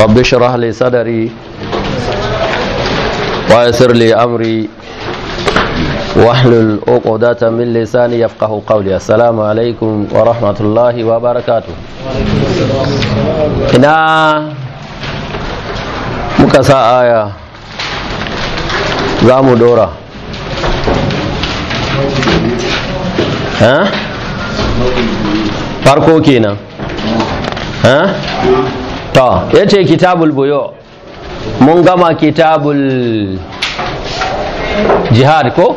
rabbi shirah li sadari wa yasir li amri wahlul uqdata min lisani yafqahu qawli assalamu alaikum wa rahmatullahi wa barakatuh ina muka sa aya zamu dora farko kenan to ya ce kitabul buyo mun gama kitabul jihad ko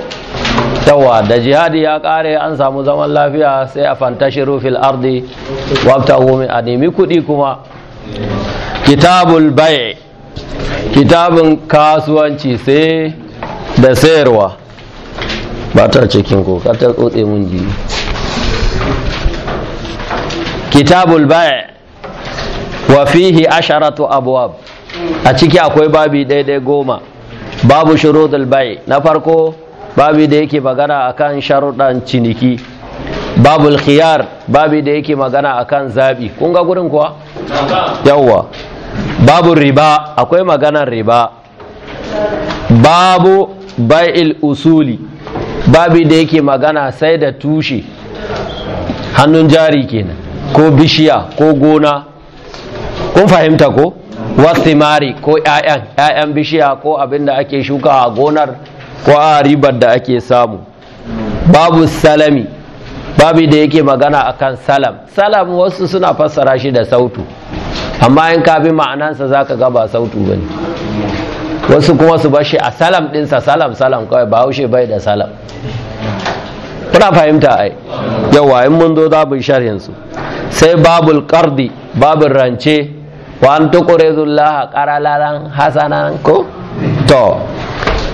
yawa da jihadi ya kare an samu zaman lafiya sai a fantashiru fil ardi wabta gumi a nemi kudi kuma kitabul bai kitabun kasuwanci sai da sayarwa ba ta cikin ko ka ta tsotse mun ji kitabul baye wa fihi asharatu abwab a ciki akwai babi daidai goma babu shurudul bai na farko babi da yake magana akan sharuɗan ciniki babu khiyar babi da yake magana akan zabi kun ga gurin kuwa yawwa babu riba akwai maganar riba babu bai'il usuli babi da yake magana sai da tushe hannun jari kenan ko bishiya ko gona kun fahimta ko wasimari ko 'ya'yan 'ya'yan bishiya ko abin da ake shuka a gonar ko a ribar da ake samu babu salami babu da yake magana akan salam salam wasu suna fassara shi da sautu amma in ka bi ma'anansa za ka gaba sautu ne. wasu kuma su bashi a salam dinsa salam salam kawai ba haushe bai da salam kuna fahimta ai yawa in mun zo za mu sharhin su sai babul qardi babul rance wa an tuqridullaha qaralalan hasanan ko to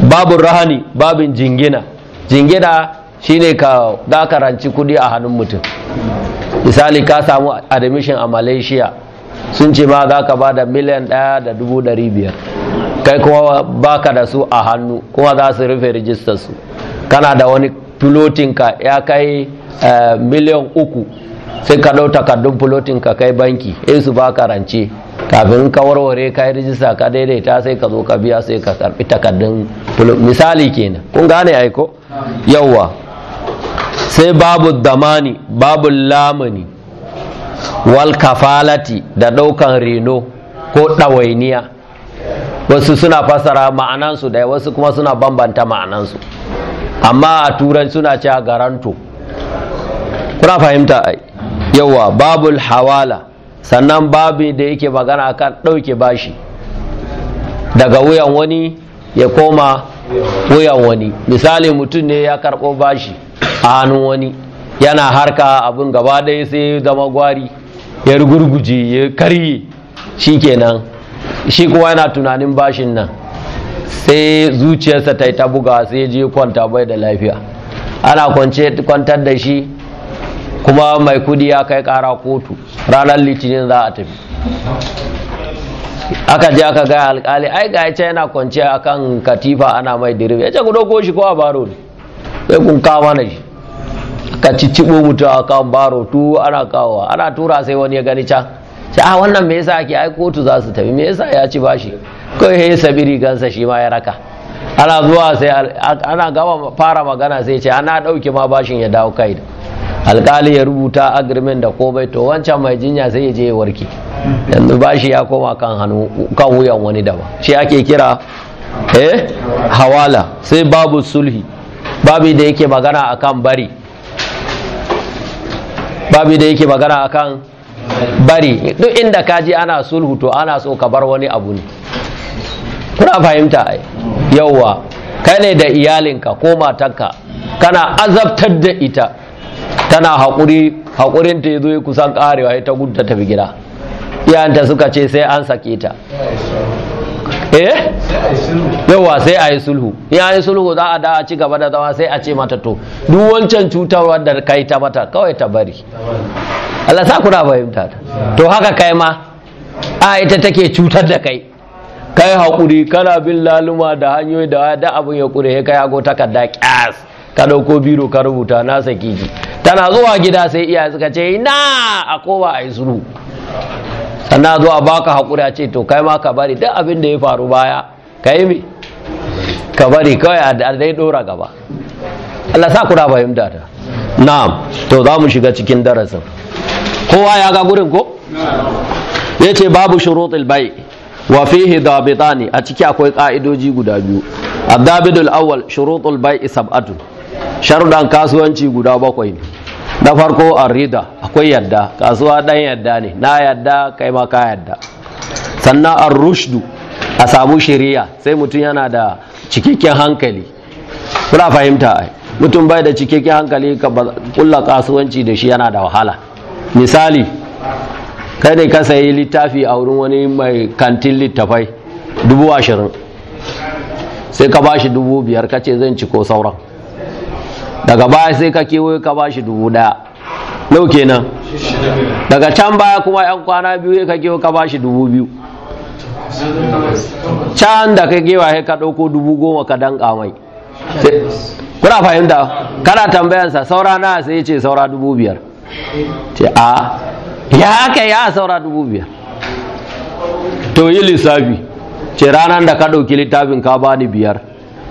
babu rahani babin jingina jingina shine ka da karanci kudi a hannun mutum misali ka samu admission a malaysia sun ce ma za ka ba da miliyan ɗaya da dubu ɗari biyar kai kuma ba ka da su a hannu kuma za su rufe rijistar su kana da wani ka ya kai eh, miliyan uku sai ka ɗau takardun fulotin ka kai banki in su baka rance kafin ka warware ka yi rijista ka daidaita sai ka zo ka biya sai ka karbi takardun misali kenan kun gane aiko yawwa sai babu damani babu lamani wal kafalati da ɗaukan reno ko ɗawainiya wasu suna fasara ma'anansu da wasu kuma suna bambanta ma'anansu amma a turai suna cewa garanto kuna fahimta ai yawa babul hawala sannan babu da yake magana akan ɗauke bashi daga wuyan wani ya koma wuyan wani misali mutum ne ya karɓo bashi a hannun wani yana harka abin gaba ɗaya sai zama gwari ya rugurguje ya karye shi kenan shi kuwa yana tunanin bashin nan sai zuciyarsa ta yi ta buga sai ya je kwanta bai da lafiya ana kwantar da shi kuma mai kudi ya kai kara kotu ranar litinin za a tafi aka je aka gaya alkali ai ga ya yana kwanciya akan katifa ana mai direba ya ce ku dauko shi ko a baro ne sai kun kama na shi ka cicciɓo mutu a kan baro tu ana kawowa ana tura sai wani ya gani can sai a ah, wannan me yasa ake ai kotu za su tafi me yasa ya ci bashi kai ya sabiri gansa shi ma ya raka ana zuwa sai ana gama fara magana sai ce ana ah, dauke ma bashin ya dawo kai alkali ya rubuta agreement da komai to wancan mai jinya sai ya je ya warke yanzu ba shi ya koma kan hannu kan wuyan wani daban shi ake kira eh hawala sai babu sulhi babu da yake magana akan bari babu da yake magana akan bari duk inda kaji ana sulhu to ana so ka bar wani abu ne kuna fahimta yauwa kai ne da iyalinka ko matarka kana azabtar da ita tana haƙuri ta ya zo ya kusan ƙarewa ya ta gudu ta gida suka ce sai an sake ta eh yawa sai a yi sulhu in an yi sulhu za a da a ci gaba da zama sai a ce mata to duk wancan cutar da kai ta mata kawai ta bari Allah sa kuna fahimta to haka kai ma a ita take cutar da kai kai haƙuri kana bin laluma da hanyoyi da da abin ya kure kai ago takarda ƙyas ta ɗauko biro ka rubuta na saki ki tana zuwa gida sai iya suka ce na a kowa a yi suru sannan zuwa baka hakuri a ce to kai ma ka bari duk abin da ya faru baya ka yi mi ka bari kawai a dai ɗora gaba Allah sa kura fahimta ta na'am to za mu shiga cikin darasin kowa ya ga gurin ko ya ce babu shurutul bai wa fihi dabitani a ciki akwai ka'idoji guda biyu الضابط الأول شروط البيع سبعة sharuɗan kasuwanci guda bakwai ne na farko a akwai yadda kasuwa dan yadda ne na yadda kai ma ka yadda sannan a rushdu a samu shari'a sai mutum yana da cikakken hankali kuna fahimta ai mutum bai da cikakken hankali ka kulla kasuwanci da shi yana da wahala misali kai ne ka sayi littafi a wurin wani mai kantin littafai dubu ashirin sai ka bashi dubu biyar ka ce zan ci ko sauran daga baya sai ka kewaye ka ba shi dubu ɗaya nau kenan daga can baya kuma yan kwana biyu ka kewaye ka ba shi dubu biyu can da ka kewaye ka ɗauko dubu goma ka danƙa mai kuna fahimta kana tambayansa saura na sai ya ce saura dubu biyar ce a ya aka ya saura dubu biyar to yi lissafi ce ranar da ka ɗauki littafin ka bani biyar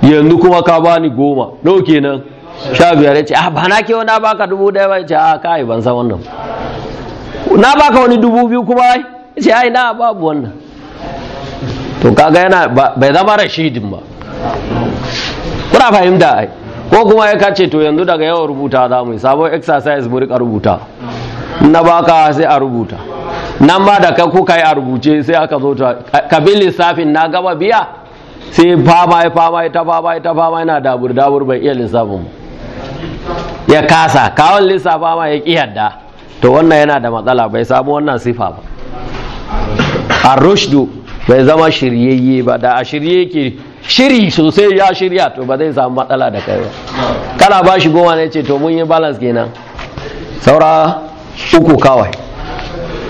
yanzu kuma ka bani goma ɗau kenan sha biyar ya ce ah ba na kewa na baka dubu daya ba ya ce ah kai ban san wannan na baka wani dubu biyu kuma ai ya ce ai na babu wannan to kaga yana bai zama rashidin ba kuna fahimta ai ko kuma ya kace to yanzu daga yawan rubuta za mu yi sabon exercise mu rika rubuta na baka sai a rubuta nan ba da kai kuka yi a rubuce sai aka zo ta kabin lissafin na gaba biya sai fama ya fama ya ta fama ya ta fama yana dabur dabur bai iya lissafin mu ya kasa kawon lissafa ma ya ƙi yadda to wannan yana da matsala bai samu wannan sifa ba a rushdu bai zama shiryayye ba da a shirye ke shiri sosai ya shirya to ba zai samu matsala da kai ba kana ba shi goma ne ce to mun yi balance kenan saura uku kawai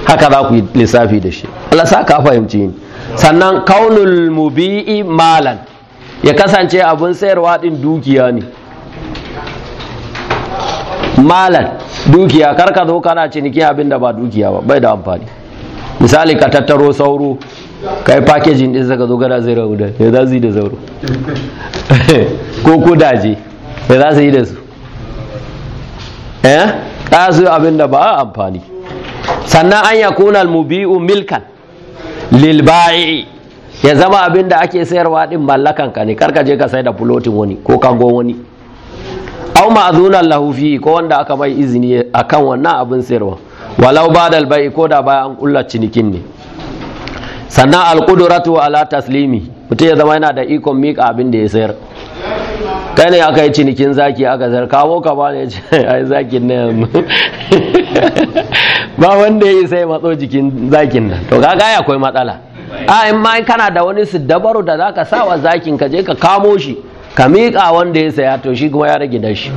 haka za ku yi lissafi da shi Allah sa ka fahimci ni sannan kaunul mubi'i malan ya kasance abun sayarwa din dukiya ne malan dukiya karka zo kana ciniki abinda ba dukiya ba bai da amfani misali ka tattaro sauro ka yi packaging din zaka zo gada zai rabu da ya za su yi da sauro ko kudaje ya za su yi da su eh ka su abinda da ba amfani sannan an ya kuna almubi'u milkan lil ya zama abinda ake sayarwa din mallakan ka ne karka je ka sai da plotin wani ko kango wani aw mazunan lahu fi ko wanda aka mai izini akan wannan abin sayarwa walau badal bai ko da bayan an kulla cinikin ne sannan alqudratu ala taslimi mutum ya zama yana da ikon mika abin da ya sayar kai ne aka yi cinikin zaki aka zar kawo ka ba ne ai zakin ne ba wanda ya yi sai matso jikin zakin nan to kaga akwai matsala a in ma kana da wani siddabaru da zaka sawa zakin ka je ka kamo shi ka miƙa wanda ya saya to shi kuma ya rage da shi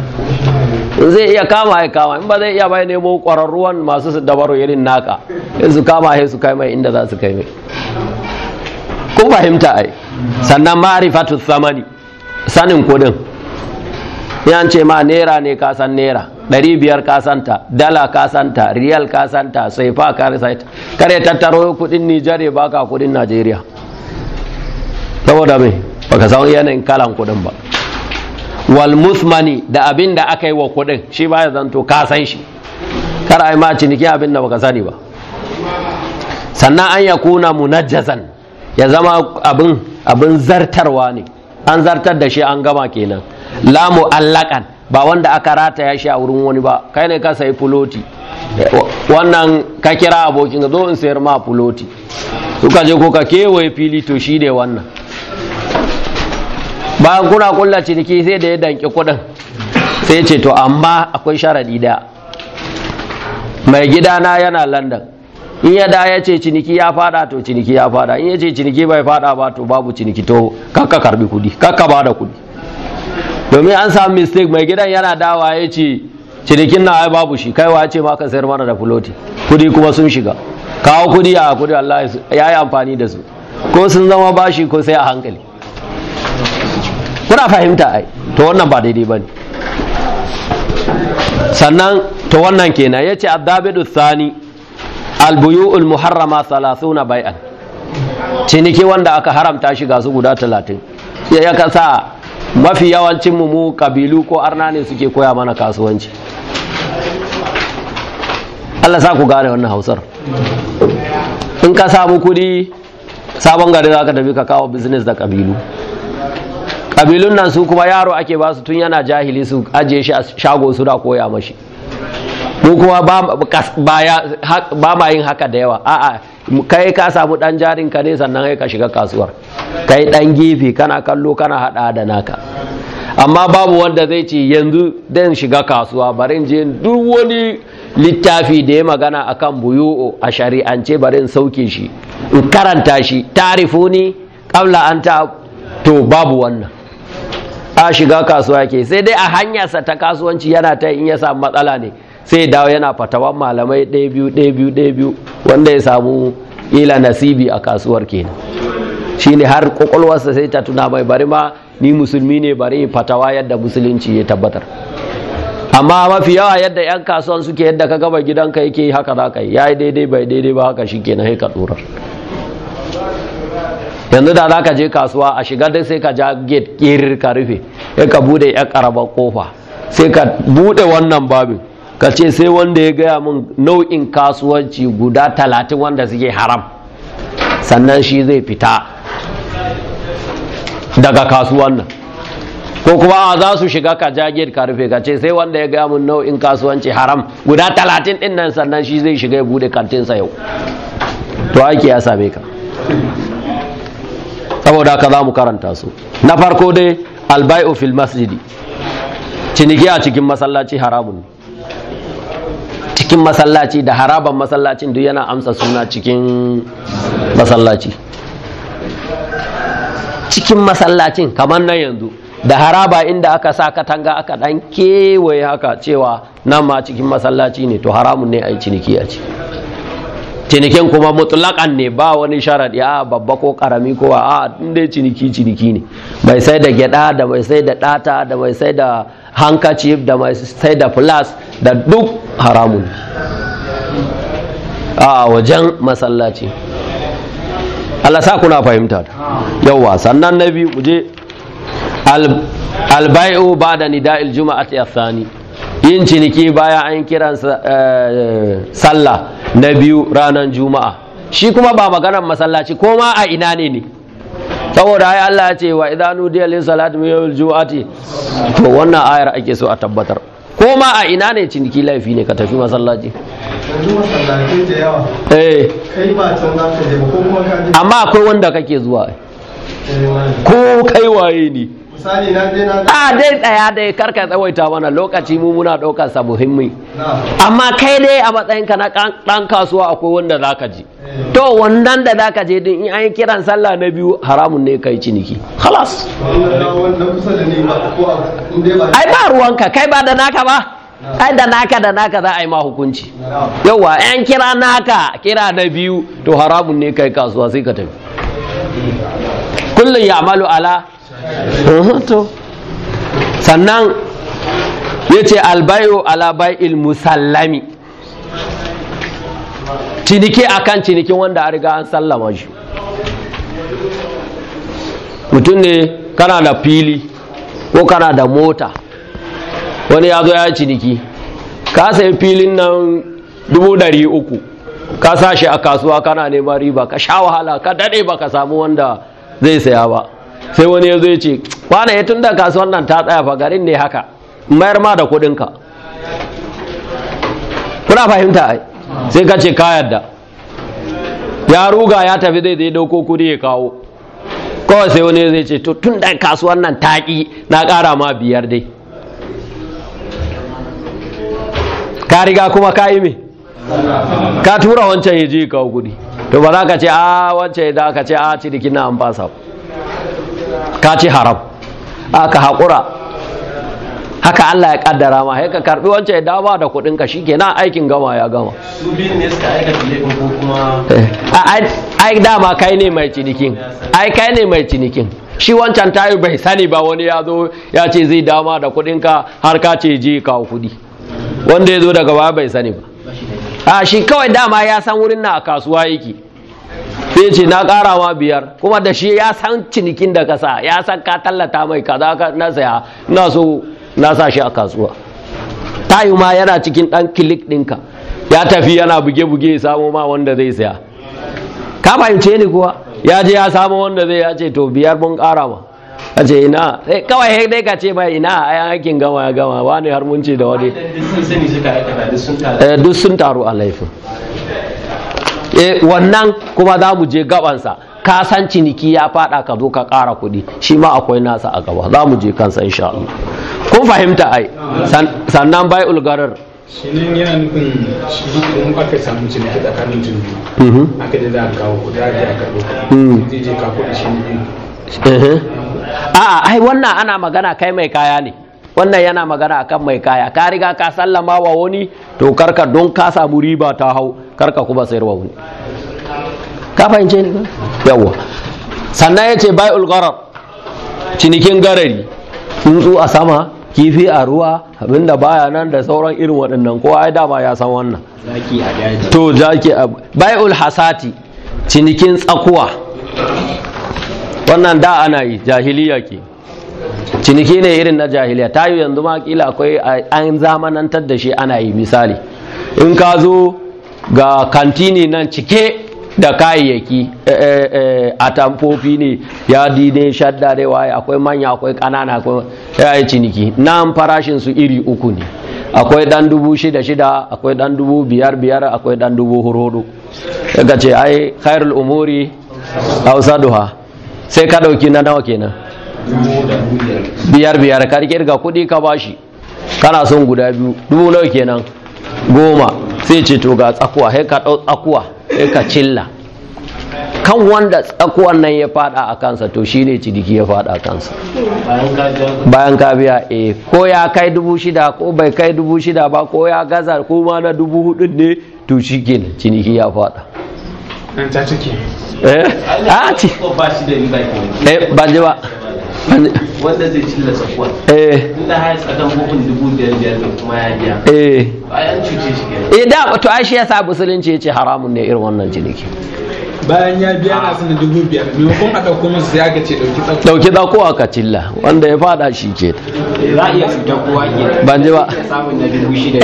in zai iya kama ya kama in ba zai iya bai nemo ƙwararruwan masu su dabaru irin naka in su kama ya su kai mai inda za su kai mai kun fahimta ai sannan ma'arifatu samani, sanin kudin yan ce ma naira ne ka san naira ɗari biyar ka santa dala ka santa riyal ka santa saifa ka risaita kare tattaro kudin nijar ya baka kudin najeriya saboda mai baka san yanayin kalan kuɗin ba wal musmani da abin da aka yi wa kuɗin shi ba ya zanto ka san shi kar ai ma ciniki abin da baka sani ba sannan an ya kuna munajjazan ya zama abin abin zartarwa ne an zartar da shi an gama kenan la mu'allakan ba wanda aka rataya shi a wurin wani ba kai ne ka sayi fuloti wannan ka kira abokin zo in sayar ma fuloti kuka je ko ka kewaye fili to shi ne wannan bayan kuna kulla ciniki sai da ya danki kudin sai ce to amma akwai sharadi da mai gidana yana london in ya da ya ce ciniki ya fada to ciniki ya fada in ya ce ciniki bai fada ba to babu ciniki to kakka karbi kudi kakka ba da kudi domin an samu mistake mai gidan yana dawa ya ce cinikin na ai babu shi kaiwa wace ma ka sayar mana da fuloti kudi kuma sun shiga kawo kudi a kudi Allah ya yi amfani da su ko sun zama bashi ko sai a hankali kuna fahimta ai to wannan ba daidai bane sannan to wannan kenan yace addabidu thani albuyu'ul muharrama 30 bai'an ciniki wanda aka haramta shi ga su guda 30 ya ka sa mafi yawancin mu kabilu ko arna ne suke koya mana kasuwanci Allah sa ku gane wannan hausar in ka samu kudi sabon gari za ka tafi ka kawo business da kabilu kabilun nan su kuma yaro ake ba su tun yana jahili su ajiye shi a shago suna koya mashi ko kuma ba ma yin haka da yawa a'a kai ka samu dan jarin ka ne sannan kai ka shiga kasuwar kai dan gefe kana kallo kana hada da naka amma babu wanda zai ce yanzu dan shiga kasuwa barin je duk wani littafi da ya magana akan buyu a shari'ance barin sauke shi in karanta shi tarifuni qabla an ta to babu wannan a shiga kasuwa ke sai dai a hanyarsa ta kasuwanci yana ta in ya samu matsala ne sai dawo yana fatawan malamai ɗaya biyu ɗaya biyu ɗaya biyu wanda ya samu ila nasibi a kasuwar kenan shine har kwakwalwarsa sai ta tuna mai bari ma ni musulmi ne bari fatawa yadda musulunci ya tabbatar amma mafi yawa yadda yan kasuwan suke yadda ka gaba gidanka yake haka za ka yi ya yi daidai bai daidai ba haka shi kenan sai ka tsorar yanzu da za ka je kasuwa a shiga dai sai ka ja gate kirir ka rufe ya ka bude ya karaba kofa sai ka bude wannan babin ka ce sai wanda ya gaya min nau'in kasuwanci guda talatin wanda suke haram sannan shi zai fita daga kasuwan nan ko kuma a za su shiga ka ja gate ka rufe ka ce sai wanda ya gaya mun nau'in kasuwanci haram guda talatin din nan sannan shi zai shiga ya bude kantinsa yau to aiki ya same ka saboda ka za mu karanta su na farko dai albai'u fil masjidi ciniki a cikin masallaci haramun cikin masallaci da haraban masallacin duk yana amsa suna cikin masallaci cikin masallacin kamar nan yanzu da haraba inda aka sa katanga aka dan kewaye haka cewa nan ma cikin masallaci ne to haramun ne a yi ciniki a ciki cinikin kuma mutlaƙan ne ba wani sharaɗi a babba ko ƙarami ko a inda ciniki ciniki ne mai sai da gyaɗa da mai sai da ɗata da mai sai da handkerchief da mai sai da flas da duk haramun a wajen masallaci Allah sa kuna fahimta yauwa sannan na biyu kuje albayo ba da iljuma a tsani yin ciniki bayan an kiran eh, sallah na biyu ranar juma'a shi kuma ba maganar masallaci ko ma a ina ne ne saboda ai Allah ya ce wa idanu diya lin salati min yawmil to wannan ayar ake so a tabbatar ko ma a ina ne ciniki laifi ne ka tafi masallaci eh. amma akwai wanda kake zuwa ko kai waye ne a ah, dai daya dai karka tsawaita mana lokaci mu muna daukar sa muhimmi amma kai dai a matsayin ka na dan kasuwa akwai wanda zaka je eh. to wannan da zaka je din in an kiran sallah na biyu haramun ne kai ciniki khalas ai ba ruwanka kai ba da naka ba ai da naka da naka za a yi ma hukunci yauwa yan kira naka kira na biyu to haramun ne kai kasuwa sai ka tafi kullum ya amalu ala sannan ya ce albayo alabail musallami ciniki akan cinikin wanda a riga an sallama shi mutum ne kana da fili ko kana da mota wani ya zo ya ciniki ka sai filin nan dubu uku ka sa shi a kasuwa kana neman riba ka sha wahala ka daɗe ba ka samu wanda zai saya ba sai wani ya zo ya ce kwana ya tunda kasuwan nan ta tsaya fa garin ne haka mayar ma da kuɗinka kuna fahimta ai sai ka ce ka yarda ya ruga ya tafi zai zai dauko kudi ya kawo kawai sai wani zai ce to tun da kasuwan nan taƙi na ƙara ma biyar dai ka riga kuma ka yi me ka tura wancan ya je kawo kuɗi to ba za ka ce a ah, wancan ya za ka ce a ah, ciniki na an fasa ka ci haram aka haƙura haka Allah ya kaddara ma haka karbi wancan ya dawo da kuɗin ka shikenan aikin gama ya gama su biyun ne eh, kai ne mai cinikin ai kai ne mai cinikin shi wancan tayi bai sani ba wani ya zo ya ce zai dama da kuɗin ka har ka ce je ka kuɗi wanda ya zo daga baya bai sani ba a shi kawai dama ya san wurin na a kasuwa yake sai ce na karawa biyar kuma da shi ya san cinikin da kasa ya san ka tallata mai kaza ka na saya na so na sa shi a kasuwa tayi ma yana cikin dan kilik dinka ya tafi yana buge-buge ya samo ma wanda zai saya ka fahimce ni kuwa ya je ya samo wanda zai ya ce to biyar mun ƙara ma a ce ina eh, kawai dai ka ce mai ina a yan aikin gama ya gama wani har mun ce da wani eh, duk sun taru a laifin e wannan kuma za mu je gabansa ka san ciniki ya fada ka zo ka kara kuɗi shi ma akwai nasa a gaba za mu je kansa insha Allah kun fahimta ai sannan bai ulgarar shinin yana nufin shi in aka samu ciniki tsakanin tunani mhm. aka da za a kawo kuɗi za a karɓo kuɗi mm. je ka kuɗi shi ne eh, eh. a ai wannan ana magana kai mai kaya ne wannan yana magana akan mai kaya ka riga ka sallama wa wani to karka don ka samu riba ta hau karka kuma sayar wa wani ka fahimce ne yawa sannan ya ce Bai gharar cinikin garari tsuntsu a sama kifi a ruwa abinda baya nan da sauran irin waɗannan kowa ya dama ya san wannan to zaki a bai'ul hasati cinikin tsakuwa wannan da ana yi jahiliya ke ciniki ne irin na jahiliya ta yi yanzu ma kila akwai an zamanantar da shi ana yi misali in ka zo ga kantini nan cike da kayayyaki eh, eh, eh, a tamfofi ne ya dide shadda da waye akwai manya akwai kanana akwai yi ciniki na farashin su iri uku ne akwai dan dubu shida shida akwai dan dubu biyar biyar akwai dan dubu hurhudu daga ce ai khairul umuri hausa duha sai ka dauki na nawa kenan biyar biyar ka kirga kuɗi ka bashi kana son guda biyu dubu nawa kenan goma sai ce to ga tsakuwa sai ka ɗau tsakuwa sai ka cilla kan wanda tsakuwan nan ya fada a kansa to shine ciniki ya fada a kansa bayan ka biya e ko ya kai dubu shida ko bai kai dubu shida ba ko ya gaza ko ma na dubu hudu ne to shikin ciniki ya fada eh a ah, ci ba eh, ji ba wanda zai cilla sakuwa eh inda haya tsakan hukun dubu biyar biyar da kuma ya biya eh bayan cuce shi kenan eh da to ai shi yasa musulunci yace haramun ne irin wannan ciniki bayan ya biya na sanin dubu biyar maimakon a dauko musu sai aka ce dauki tsako ɗauki tsako aka cilla wanda ya fada shi ce za a iya fita kowa ke ban ji ba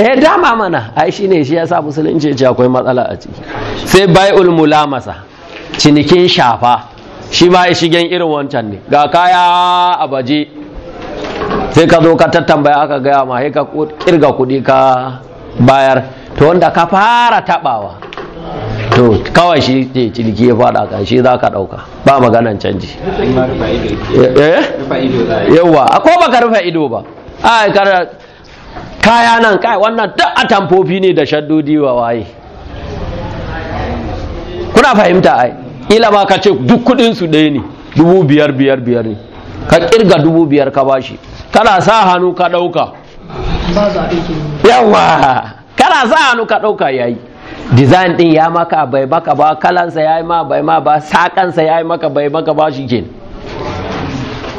eh dama mana ai shi ne shi ya sa musulunci ce akwai matsala a ciki sai bai'ul mulamasa cinikin shafa shi ma ya shigen irin wancan ne ga kaya a baje sai ka zo ka tattambaya aka gaya ma ka kirga kuɗi ka bayar to wanda ka fara taɓawa to kawai shi ne ciniki ya fada ka shi za ka ɗauka ba maganan canji eh? yauwa ko baka rufe ido ba a kaya nan kai wannan duk atamfofi ne da shaddodi wa waye kuna fahimta ai ila ba ka ce duk kudin su ɗaya ne dubu biyar biyar biyar ne ka kirga dubu biyar ka bashi kana sa hannu ka ɗauka yawa kana sa hannu ka ɗauka yayi design ɗin ya maka bai baka ba kalansa ya yi ma bai ma ba sakansa ya yi maka bai maka ba shi kenan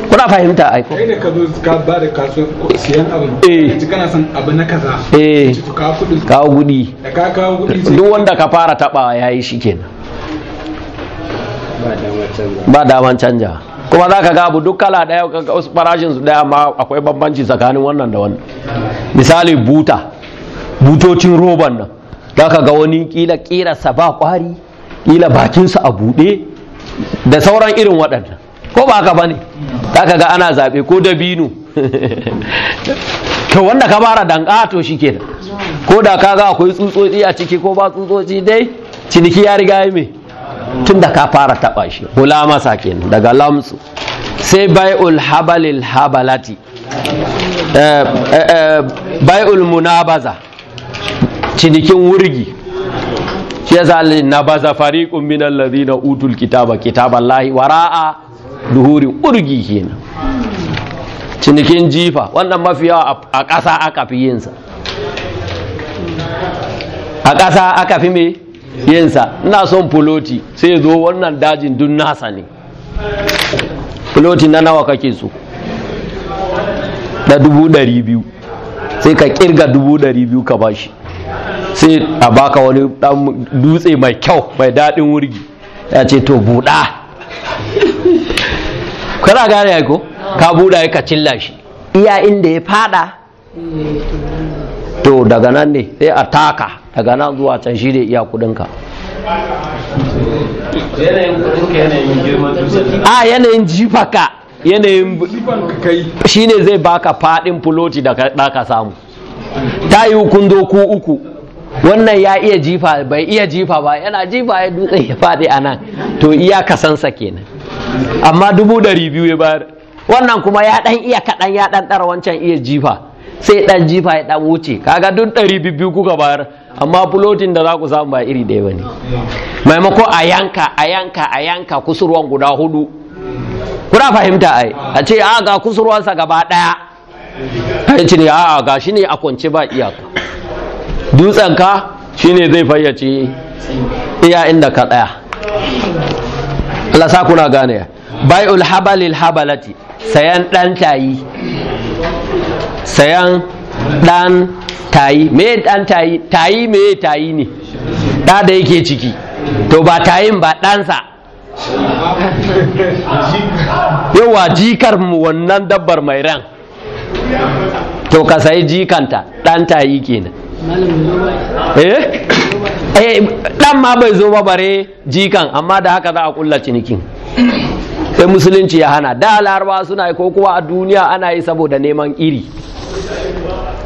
kuna fahimta ai ko kai ka zo ka ba da kaso siyan abu eh ji kana son abu na kaza eh ka kudi ka kudi da ka kawo kudi duk wanda ka fara taba yayi kenan ba daman canja kuma za ka gabu duk kala daya farashin su daya ma akwai bambanci tsakanin wannan da wannan misali buta butocin roban nan za ka ga wani kila sa ba kwari kila bakinsa a buɗe da sauran irin waɗannan ko ba haka bane za ka ga ana zaɓe ko dabino to wanda ka bara danga to shi kenan ko da ka ga akwai tsutsotsi a ciki ko ba tsutsotsi dai ciniki ya riga yi mai Tunda ka fara taɓa shi hula masa kenan daga lamsu sai bai'ul habalil habalati eh, eh, eh, bai'ul munabaza cinikin wurgi ya zali na baza fariƙun min na utul kitaba lahi, wara'a duhurin urgi kenan cinikin jifa wannan mafiya a ƙasa aka fi yinsa a ƙasa aka fi me yinsa ina son fuloti sai zo wannan dajin dun nasa ne fuloti na nawa kake so da dubu dari biyu sai ka kirga dubu dari biyu ka bashi sai a baka wani dan dutse mai kyau mai daɗin wurgi ya ce to buɗa kana gane ya ko ka buɗa ka cilla shi iya inda ya fada to daga nan ne sai a taka daga nan zuwa can shi da iya kudinka a yanayin jifaka yanayin shi ne zai baka fadin fuloti da ka samu ta yi kun ku uku wannan ya iya jifa bai iya jifa ba yana jifa ya dutse ya fadi a nan to iya kasansa kenan amma dubu dari biyu ya bayar wannan kuma ya ɗan iya kaɗan ya ɗan ɗara wancan iya jifa sai ɗan jifa ya ɗan wuce kaga duk ɗari biyu kuka bayar amma fulotin da za ku samu ba iri daya ba ne maimako a yanka a yanka a yanka kusurwan guda hudu kuna fahimta ai a ce a ah, ga kusurwansa gaba ɗaya a yi cini a ah, ga shi ne a kwance ba iyaka Dutsen ka shi ne zai fayyace iya inda ka ɗaya. Allah kuna gane ya bai'ul habalil habalati sayan ɗan tayi sayan ɗan tayi me dan tayi tayi me tayi ne da da yake ciki to ba tayin ba ɗansa yawa jikar mu wannan dabbar mai ran to ka sayi jikanta dan tayi kenan eh? eh dan ma bai zo ba bare jikan amma da haka za a kulla cinikin sai musulunci ya hana da laraba suna yi ko kuwa a duniya ana yi saboda neman iri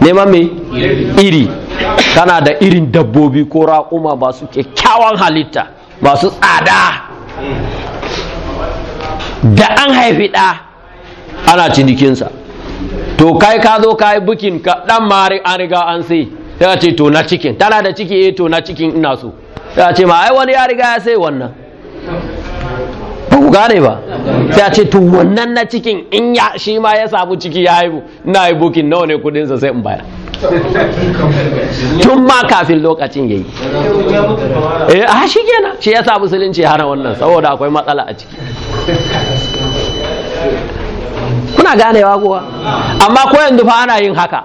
neman mai iri tana da irin dabbobi ko raƙuma masu kyakkyawan halitta masu tsada da an haifi ɗa ana cinikinsa to kai ka zo ka yi bukin ka ɗan mari an riga an sai ta ce to na cikin tana da ciki e to na cikin ina so ta ce ma ai wani ya riga ya sai wannan gane ba sai a ce to wannan na cikin in ya shi ma ya samu ciki ya haihu na yi bukin nawa ne kudinsa sai in bayar tun ma kafin lokacin yayi eh a shi kenan shi yasa musulunci hana wannan saboda akwai matsala a ciki kuna ganewa kowa amma ko yanzu fa ana yin haka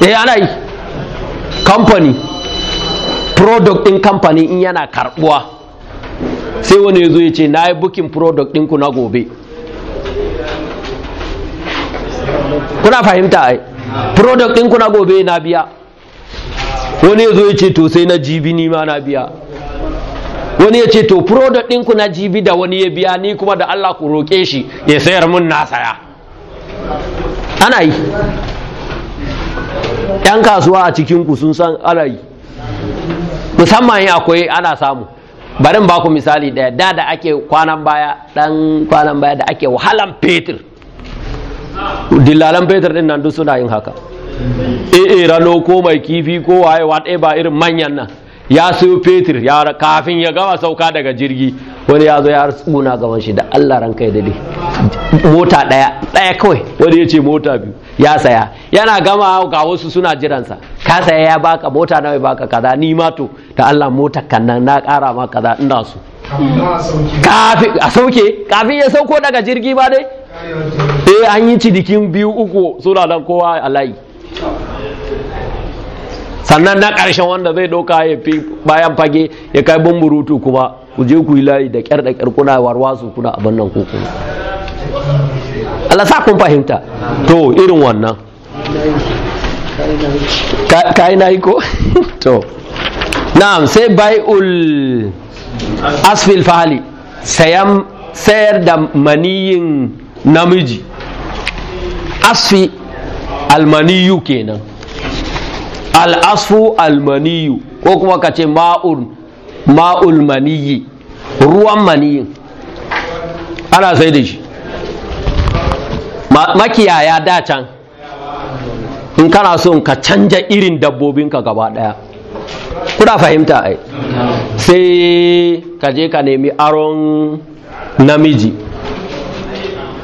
eh ana yi kamfani product din kamfani in yana karbuwa sai wani ya zo ya ce na yi bukin product ɗinku na gobe kuna fahimta ai product ɗinku na gobe na biya wani ya zo ya ce to sai na jibi ni ma na biya wani ya ce to product ɗinku na jibi da wani ya biya ni kuma da Allah ku roƙe shi ya sayar mun na saya ana yi ‘yan kasuwa a cikinku sun san ana yi musamman akwai ana samu barin ba ku misali daya da da ake kwanan baya dan kwanan baya da ake wahalan fetur dillalan fetur din nan duk suna yin haka eh, eh rano ko mai kifi ko waye ba irin manyan nan ya siyo fetur ya kafin ya gama sauka daga jirgi wani ya zo ya tsuna gaban shi da Allah ranka ya dade mota daya daya kawai wani ya ce mota biyu ya saya yana gama ga wasu suna jiransa ka saya ya baka mota nawa mai baka kaza ni ma to ta Allah mota kan na kara ma kaza ina su kafi a sauke kafin ya sauko daga jirgi ba dai eh an yi cidikin biyu uku suna nan kowa alayi. sannan na ƙarshen wanda zai ɗauka ya fi bayan fage ya kai bumburutu kuma ku je ku yi layi da ƙyar da ƙyar kuna warwasu kuna abin nan ko kuma Allah sa kun fahimta to irin wannan na yi ko to na'am sai bai'ul asfil fahali sayan sayar da maniyin namiji asfi almaniyu kenan al'asfu almaniyu ko kuma ka ce ma'ul maniyi ruwan maniyin ana sai da shi makiyaya da can in kana son ka canja irin dabbobinka gaba daya kuna fahimta ai sai ka je ka nemi aron namiji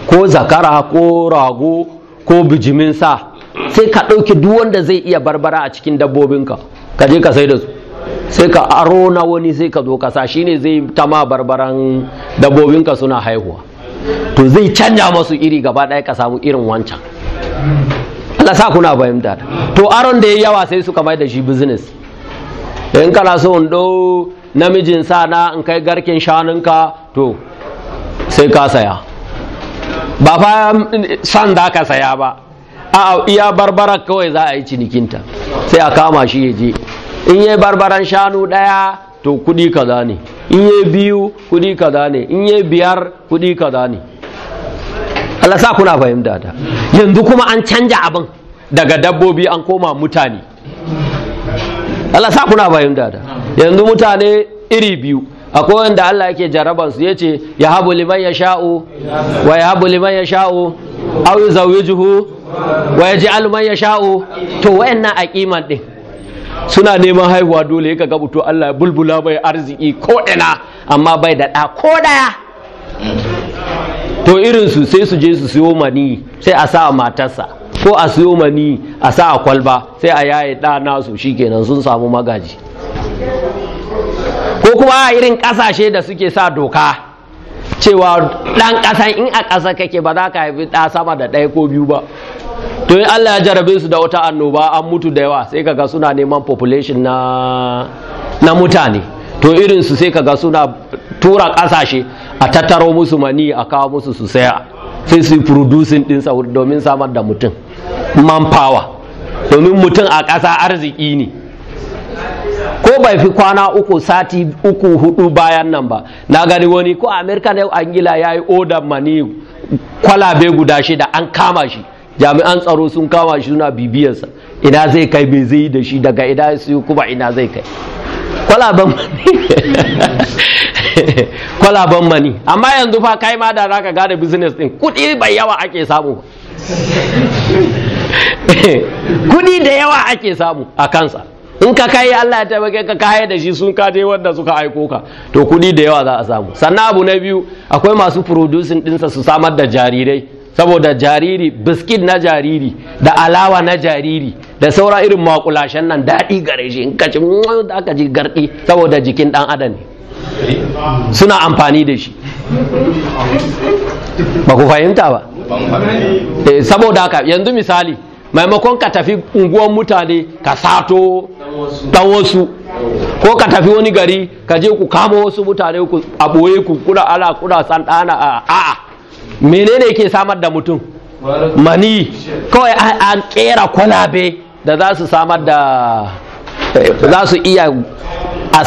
ko zakara ko rago ko bijimin sa sai ka ɗauki duk wanda zai iya barbara a cikin dabbobinka ka je ka sai da su sai ka aro na wani sai ka zo kasa shine zai ta ma barbaran dabbobinka suna haihuwa to zai canja masu iri gaba ɗaya ka samu irin wancan Allah sa kuna fahimta to aron da ya yawa sai suka mai da shi business in kana so in namijin sa na in kai garkin shanunka to sai ka saya ba fa san da ka saya ba a iya barbara kawai za a yi cinikinta sai a kama shi ya je in yi barbaran shanu ɗaya to kuɗi kaza ne in yi biyu kuɗi kaza ne in yi biyar kuɗi kaza ne Allah sa kuna fahimta ta yanzu kuma an canja abin daga dabbobi an koma mutane Allah sa kuna fahimta ta yanzu mutane iri biyu akwai wanda Allah yake jaraban su yace ya habu liman ya sha'u wa ya habu liman ya sha'u aw yuzawijuhu wa yaj'al man ya sha'u to wayannan aqiman din suna neman haihuwa dole ka ga to Allah bulbula bai arziki ko ina amma bai da da ko daya to irin su sai su je su siyo mani sai a sa matarsa ko a siyo mani a sa a kwalba sai a yaye da nasu shikenan sun samu magaji ko kuma a irin kasashe da suke sa doka cewa dan ƙasa in a kasa kake ba za ka haifi da sama da ɗaya ko biyu ba to in Allah ya jarabe su da wata annoba an mutu da yawa sai kaga suna neman population na na mutane to irin su sai kaga suna tura kasashe a tattaro musu mani a kawo musu su saya sai su producing din sa domin samar da mutum man power domin mutum a kasa arziki ne ko bai fi kwana uku sati uku hudu bayan nan ba na gani wani ko amerika ne angila ya yi odan mani kwalabe guda shida an kama shi jami'an tsaro sun kama shi suna bibiyarsa ina zai kai me zai yi da shi daga ina su kuma ina zai kai kwalaban mani mani amma yanzu fa kai ma da zaka gane business din kudi bai yawa ake samu kudi da yawa ake samu a kansa in ka kai Allah ya taimake ka kai da shi sun kaje wanda suka aiko ka to kuɗi da yawa za a samu sannan abu na biyu akwai masu producing ɗinsa su samar da jarirai saboda jariri biskit na jariri da alawa na jariri da saura irin makulashen nan daɗi gare shi in ka ci da aka ji gardi saboda jikin ɗan adam ne suna amfani da shi ba ku fahimta ba eh, saboda haka yanzu misali maimakon ka tafi unguwar mutane ka sato dan wasu ko ka tafi wani gari ka je ku kama wasu mutane ku a boye ku kuna ala kuna san dana a a menene yake samar da mutum mani kawai an kera kwalabe da za su samar da eh, za su iya a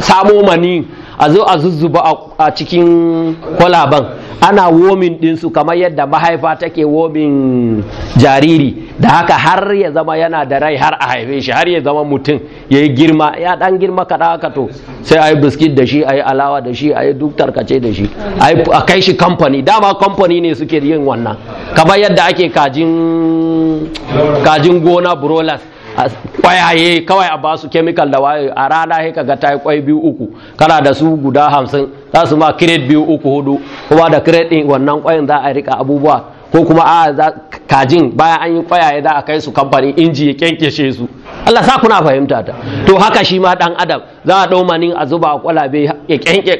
samo mani a zo a zuzzuba a cikin kwalaban ana womin ɗinsu kamar yadda mahaifa take womin jariri da haka har ya zama yana da rai har a haife shi har ya zama mutum ya yi girma ya dan girma kaɗa haka to sai a yi biskit da shi a yi alawa da shi a yi duk tarkace da shi a kai shi kamfani dama kamfani ne suke yin wannan kamar yadda ake kajin gona brolas kwayaye kawai a basu kemikal da waye a rana sai kaga ta kwai biyu uku kana da su guda hamsin za su ma kiret biyu uku hudu kuma da kiret din wannan kwayin za a rika abubuwa ko kuma a kajin bayan an yi kwayaye za a kai su kamfanin inji ya kyankyashe su Allah sa kuna fahimta ta to haka shi ma dan adam za a dau manin a zuba a kwalabe ya kenke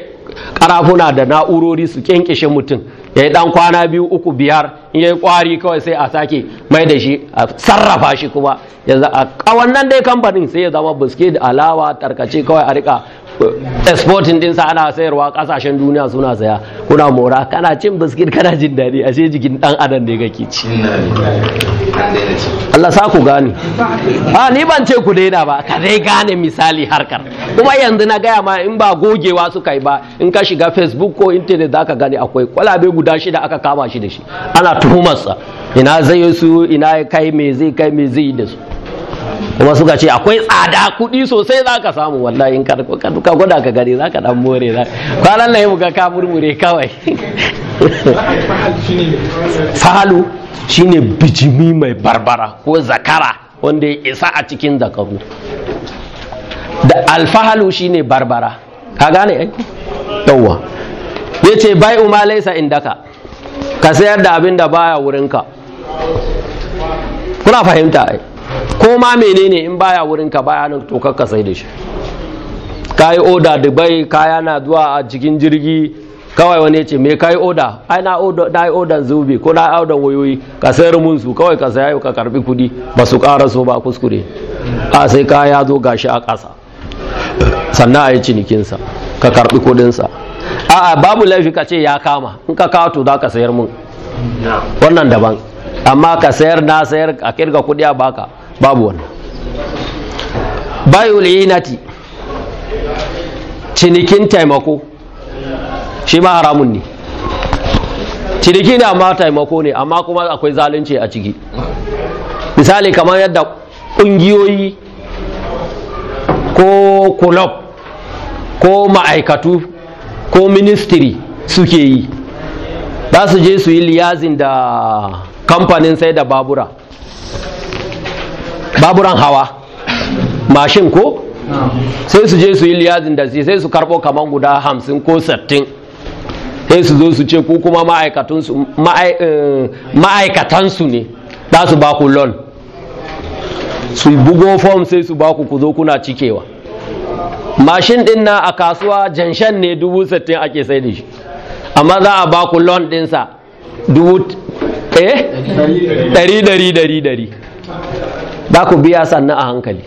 karafuna da na'urori su kyankyashe mutum ya yi ɗan kwana biyu uku biyar in ya yi ƙwari kawai sai a sake mai da shi a sarrafa shi kuma yanzu a wannan dai kamfanin sai ya zama biskit alawa tarkace kawai a rika eh, exporting dinsa ana sayarwa kasashen duniya suna saya kuna mora kana cin biskit kana jin daɗi sai jikin ɗan adam ne kake ci Allah sa ku gane ha ni ban ce ku daina ba ka dai gane misali harkar kuma yanzu na gaya ma in ba gogewa suka yi ba in ka shiga facebook ko internet zaka gane akwai kwalabe guda shida aka kama shi da shi ana tuhumarsa ina zai su ina kai me zai kai me zai da su kuma suka ce akwai tsada kuɗi sosai za ka samu wallahi in ka gwada ka gari za ka dan more za kwanan na yi muka ka murmure kawai fahalu shine bijimi mai barbara ko zakara wanda ya isa a cikin zakaru da alfahalu shine barbara ka gane ai yawwa ya ce bai ma laisa indaka ka sayar da abin da baya wurinka kuna fahimta ai ko ma menene in baya wurinka baya nan to kakka sai da shi ka yi oda dubai kaya na zuwa a cikin jirgi kawai wani ya ce me ka yi oda ai na yi odan zubi ko na yi odan wayoyi ka sayar mun su kawai ka sayayo ka karbi kudi ba su ƙara so ba kuskure a sai kaya zo gashi a kasa sannan a yi cinikinsa ka karbi kudinsa a'a babu laifi ka ce ya kama in ka kawo to za ka sayar mun wannan daban amma ka sayar na sayar a kirga kudi a baka babu wannan Bayu inati cinikin taimako shi ma haramun ne ciniki ne amma taimako ne amma kuma akwai zalunci a ciki misali kamar yadda ƙungiyoyi ko kulob ko ma'aikatu ko ministry suke yi za su je su yi liyazin da kamfanin sai da babura baburan hawa mashin ko sai su je su yi liyazin da sai su karbo kaman guda hamsin ko sattin sai su zo su ce ko kuma eh, ma'aikatansu ne za su ba ku loan su bugo form sai su ba ku ku zo kuna cikewa mashin din na a kasuwa janshan ne dubu sittin ake sai da shi amma za a ba ku lon dinsa dubu eh Dari dari dari dari. Ba ku biya sannan a hankali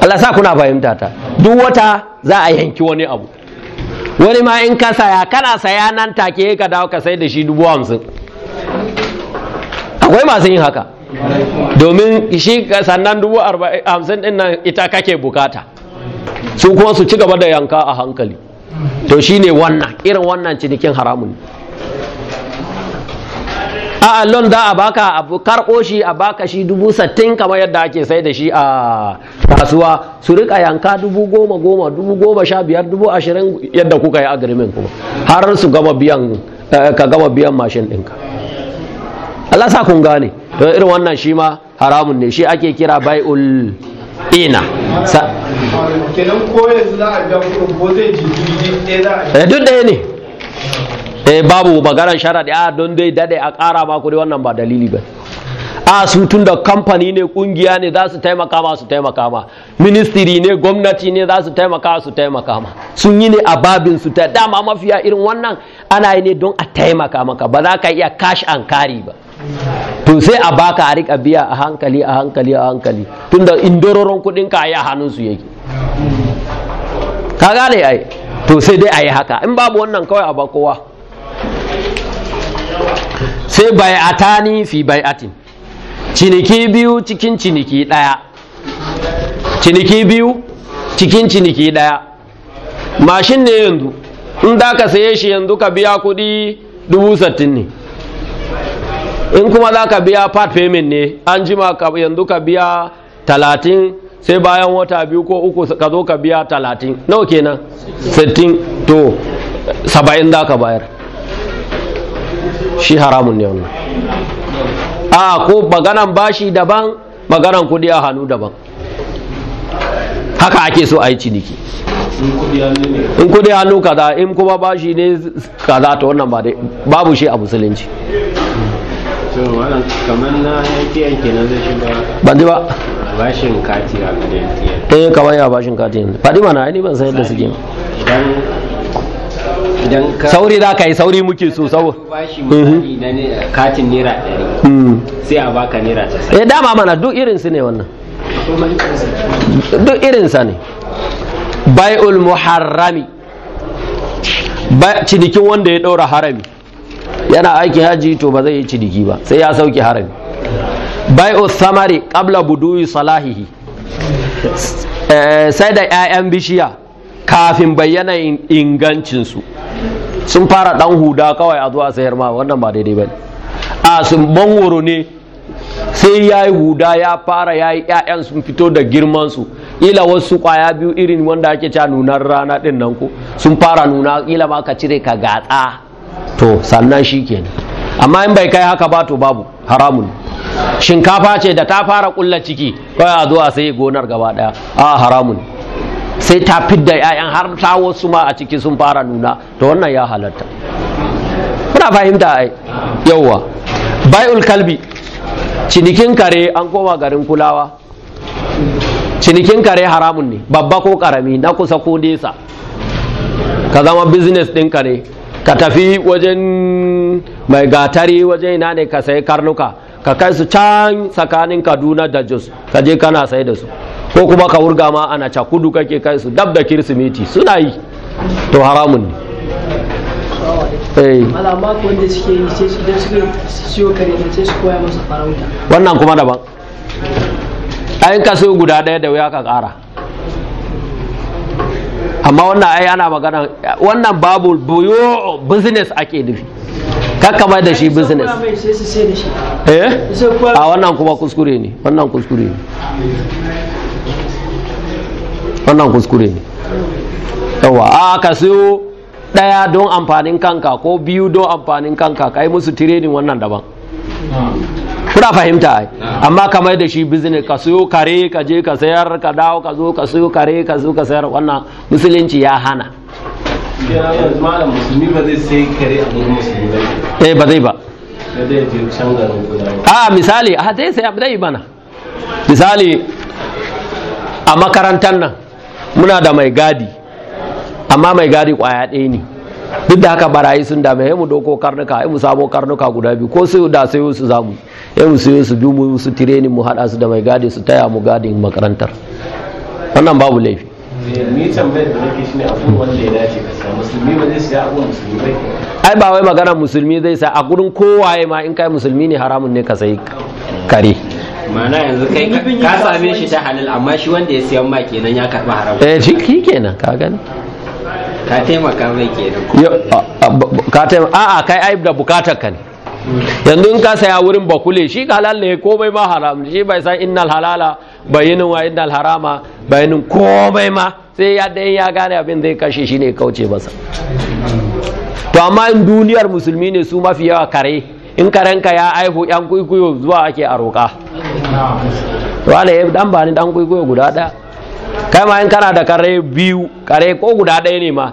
Allah sa kuna fahimta ta duk wata za a yanki wani abu wani ma in ka saya kana saya nan take ka dawo ka sai da shi dubu hamsin akwai masu yin haka domin shi sannan dubu hamsin din nan ita kake bukata su kuma su ci gaba da yanka a hankali to shine wannan irin wannan cinikin haramun a allon za a baka abu karɓo shi a baka shi dubu sattin kamar yadda ake sai da shi a kasuwa su rika yanka dubu goma goma dubu goma sha biyar dubu ashirin yadda kuka yi agrimin kuma har su gama biyan eh, ka gama biyan mashin ɗinka Allah sa kun gane to irin wannan shi ma haramun ne shi ake kira bai'ul ina duk ɗaya ne eh babu maganar sharaɗi a ah, don dai dade a ƙara ba dai wannan ba dalili ba a ah, su tun da kamfani ne kungiya ne za su taimaka ma su taimaka ma ministiri ne gwamnati ne za su taimaka su taimaka ma sun yi ne a babin su ta dama mafiya irin wannan ana yi ne don a taimaka maka ba za ka iya kash an kari ba to sai a baka a rika biya a hankali a hankali a hankali tunda indororon kudin ka ya a hannunsu yake ka gane ai to sai dai a yi haka in babu wannan kawai a bakowa sai bai atani fi bai atin ciniki biyu cikin ciniki ɗaya ciniki biyu cikin ciniki ɗaya mashin ne yanzu in da ka saye shi yanzu ka biya kuɗi dubu sattin ne in kuma za ka biya part payment ne an jima yanzu ka biya talatin sai bayan wata biyu ko uku ka zo ka biya talatin nawa kenan sittin to saba'in za ka bayar shi haramun ne wannan a ko maganan bashi daban maganan kudi a hannu daban haka ake so a yi ciniki in kudi hannu kaza in kuma bashi ne kaza ta wannan ba babu shi a musulunci ba bashin kati a eh kamar ya bashin kati yanzu faɗi mana ai ban sayar da suke sauri za ka yi sauri muke so sauri mhm. katin naira mm. sai a baka naira ta eh dama mana duk irinsu ne wannan duk sa ne bai'ul muharrami cinikin wanda ya ɗaura harami yana aikin haji to ba zai yi ciniki ba sai ya sauke Bai bai'u samari qabla buduyi salahihi eh, sai da 'ya'yan bishiya kafin bayyana ingancinsu sun fara dan huda kawai a zuwa sayar ma wannan ba daidai ba a sun banworo ne sai ya yi huda ya fara ya yi 'ya'yan sun fito da girmansu ila wasu kwaya biyu irin wanda ake ca nunar rana din nan ko sun fara nuna ila ma ka cire ka gatsa to sannan shi kenan amma in bai kai haka ba to babu haramun shinkafa ce da ta fara kulla ciki kawai a zuwa sai gonar gaba daya a haramun sai ta fidda 'ya'yan har ta wasu ma a ciki sun fara nuna to wannan ya halatta kuna fahimta ai yauwa bai'ul kalbi cinikin kare an koma garin kulawa cinikin kare haramun ne babba ko karami na kusa ko nesa ka zama business ɗinka ne. ka tafi wajen mai gatari wajen ina ne ka sayi karnuka ka kai su can tsakanin kaduna da jos ka je kana sai da su ko kuma ka wurga ma ana cakudu kake kai su dab da kirsimeti suna yi to haramun ne eh. wannan kuma daban ayin ka guda ɗaya da wuya ka ƙara amma wannan ai ana magana wannan babu buyo business ake nufi kakkama da shi business eh a wannan kuma kuskure ne wannan kuskure ne wannan kuskure ne yawa a ka siyo daya don amfanin kanka ko biyu don amfanin kanka ka yi musu training wannan daban kuna fahimta amma kamar da shi business ka siyo kare ka je ka sayar ka dawo ka zo ka siyo kare ka zo ka sayar wannan musulunci ya hana eh ba zai ba a ah, misali a ah, zai sai dai bana misali a makarantar nan muna da mai gadi amma mai gadi kwaya ɗaya ne duk da haka barayi sun dame mu doko karnuka mu samo karnuka guda biyu ko sai da sai su zamu ya mu su bi mu su tirenin mu hada su da mai gadi su taya mu gadin makarantar wannan babu laifi ai ba wai magana musulmi zai sa a gurin kowaye ma in kai musulmi ne haramun ne ka sayi kare mana yanzu kai ka same shi ta halal amma shi wanda ya siyan ma kenan ya karba haramun eh shi kenan ka gani ka taimaka mai kenan ka taimaka a'a kai ai da bukatar ka ne yanzu in ka saya wurin bakule shi halal ne komai ma haram shi bai san innal halala bayinin wa innal harama bayinin komai ma sai ya dan ya gane abin zai kashe shi ne kauce masa to amma in duniyar musulmi ne su mafi yawa kare in karenka ya aihu yan kuikuyo zuwa ake a roƙa wala ya dan bani dan kuikuyo guda ɗaya kai ma in kana da kare biyu kare ko guda ɗaya ne ma